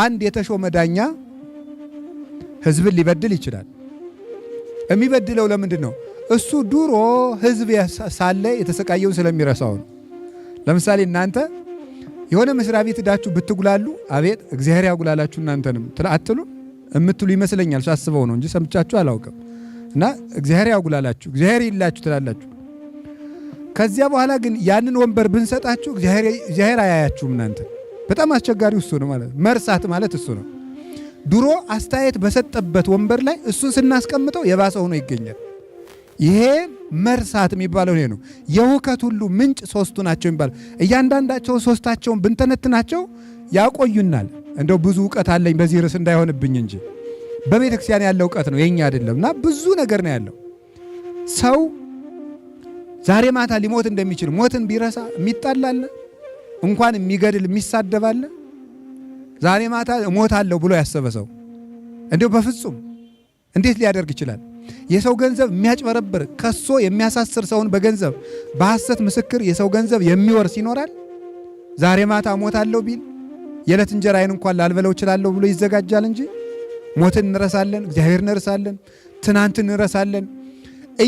አንድ የተሾመ ዳኛ ህዝብን ሊበድል ይችላል። የሚበድለው ለምንድን ነው? እሱ ድሮ ህዝብ ሳለ የተሰቃየውን ስለሚረሳው ነው። ለምሳሌ እናንተ የሆነ መስሪያ ቤት እዳችሁ ብትጉላሉ አቤት እግዚአብሔር ያጉላላችሁ እናንተንም አትሉ የምትሉ ይመስለኛል። ሳስበው ነው እንጂ ሰምቻችሁ አላውቅም። እና እግዚአብሔር ያጉላላችሁ፣ እግዚአብሔር ይላችሁ ትላላችሁ። ከዚያ በኋላ ግን ያንን ወንበር ብንሰጣችሁ እግዚአብሔር አያያችሁም እናንተ በጣም አስቸጋሪ እሱ ነው ማለት መርሳት ማለት እሱ ነው። ድሮ አስተያየት በሰጠበት ወንበር ላይ እሱን ስናስቀምጠው የባሰ ሆኖ ይገኛል። ይሄ መርሳት የሚባለው ይሄ ነው። የውከት ሁሉ ምንጭ ሶስቱ ናቸው የሚባለው እያንዳንዳቸው ሶስታቸውን ብንተነትናቸው ያቆዩናል። እንደው ብዙ እውቀት አለኝ በዚህ ርዕስ እንዳይሆንብኝ እንጂ በቤተ ክርስቲያን ያለ እውቀት ነው የኛ አይደለም። እና ብዙ ነገር ነው ያለው። ሰው ዛሬ ማታ ሊሞት እንደሚችል ሞትን ቢረሳ የሚጣላለን እንኳን የሚገድል የሚሳደባለ ዛሬ ማታ እሞታለሁ ብሎ ያሰበ ሰው እንዲሁ በፍጹም እንዴት ሊያደርግ ይችላል? የሰው ገንዘብ የሚያጭበረብር ከሶ የሚያሳስር ሰውን በገንዘብ በሐሰት ምስክር የሰው ገንዘብ የሚወርስ ይኖራል። ዛሬ ማታ እሞታለሁ ቢል የዕለት እንጀራዬን እንኳን ላልበለው እችላለሁ ብሎ ይዘጋጃል እንጂ ሞትን እንረሳለን፣ እግዚአብሔር እንረሳለን፣ ትናንትን እንረሳለን።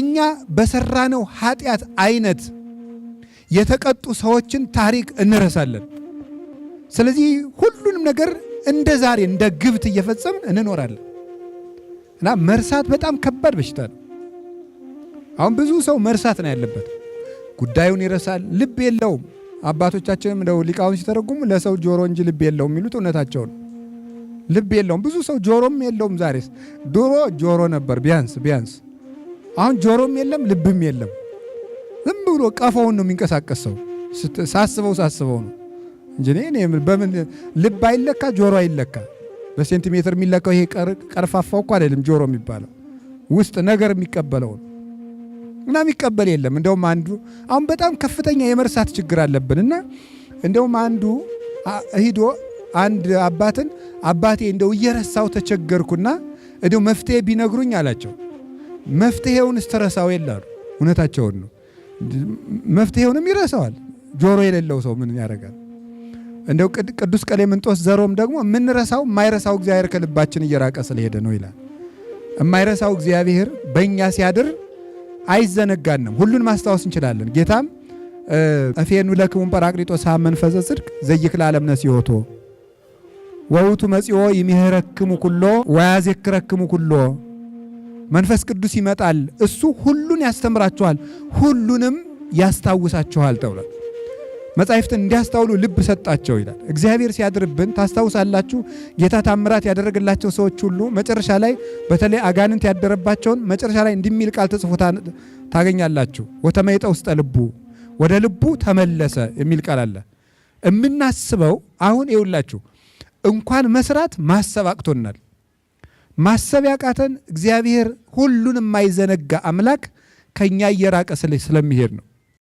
እኛ በሰራነው ኃጢአት አይነት የተቀጡ ሰዎችን ታሪክ እንረሳለን። ስለዚህ ሁሉንም ነገር እንደ ዛሬ እንደ ግብት እየፈጸምን እንኖራለን እና መርሳት በጣም ከባድ በሽታ ነው። አሁን ብዙ ሰው መርሳት ነው ያለበት። ጉዳዩን ይረሳል፣ ልብ የለውም። አባቶቻችንም እንደው ሊቃውን ሲተረጉሙ ለሰው ጆሮ እንጂ ልብ የለውም የሚሉት እውነታቸው ነው። ልብ የለውም ብዙ ሰው ጆሮም የለውም። ዛሬስ ድሮ ጆሮ ነበር ቢያንስ ቢያንስ፣ አሁን ጆሮም የለም ልብም የለም። ዝም ብሎ ቀፈውን ነው የሚንቀሳቀስ ሳስበው ሳስበው ነው እንጂ እኔ በምን ልብ አይለካ ጆሮ አይለካ በሴንቲሜትር የሚለካው ይሄ ቀርፋፋው እኮ አይደለም ጆሮ የሚባለው ውስጥ ነገር የሚቀበለው ነው እና የሚቀበል የለም እንደውም አንዱ አሁን በጣም ከፍተኛ የመርሳት ችግር አለብን እና እንደውም አንዱ ሂዶ አንድ አባትን አባቴ እንደው እየረሳው ተቸገርኩና እንደው መፍትሄ ቢነግሩኝ አላቸው መፍትሄውን እስተረሳው የላሉ እውነታቸውን ነው መፍትሄውንም ይረሳዋል። ጆሮ የሌለው ሰው ምን ያደርጋል? እንደው ቅዱስ ቀሌምንጦስ ዘሮም ደግሞ የምንረሳው የማይረሳው እግዚአብሔር ከልባችን እየራቀ ስለሄደ ነው ይላል። የማይረሳው እግዚአብሔር በእኛ ሲያድር አይዘነጋንም። ሁሉን ማስታወስ እንችላለን። ጌታም እፌኑ ለክሙን ጰራቅሊጦስ መንፈሰ ጽድቅ ዘይክላለምነ ሲወቶ ወውቱ መጽዮ ይምሕረክሙ ኩሎ ወያዜክረክሙ ኩሎ መንፈስ ቅዱስ ይመጣል፣ እሱ ሁሉን ያስተምራችኋል፣ ሁሉንም ያስታውሳችኋል ተብሏል። መጻሕፍትን እንዲያስታውሉ ልብ ሰጣቸው ይላል። እግዚአብሔር ሲያድርብን ታስታውሳላችሁ። ጌታ ታምራት ያደረገላቸው ሰዎች ሁሉ መጨረሻ ላይ በተለይ አጋንንት ያደረባቸውን መጨረሻ ላይ እንዲሚል ቃል ተጽፎ ታገኛላችሁ። ወተመይጠ ውስጠ ልቡ ወደ ልቡ ተመለሰ የሚል ቃል አለ። የምናስበው አሁን ይውላችሁ እንኳን መስራት ማሰብ አቅቶናል። ማሰብ ያቃተን እግዚአብሔር ሁሉን የማይዘነጋ አምላክ ከእኛ እየራቀ ስለሚሄድ ነው።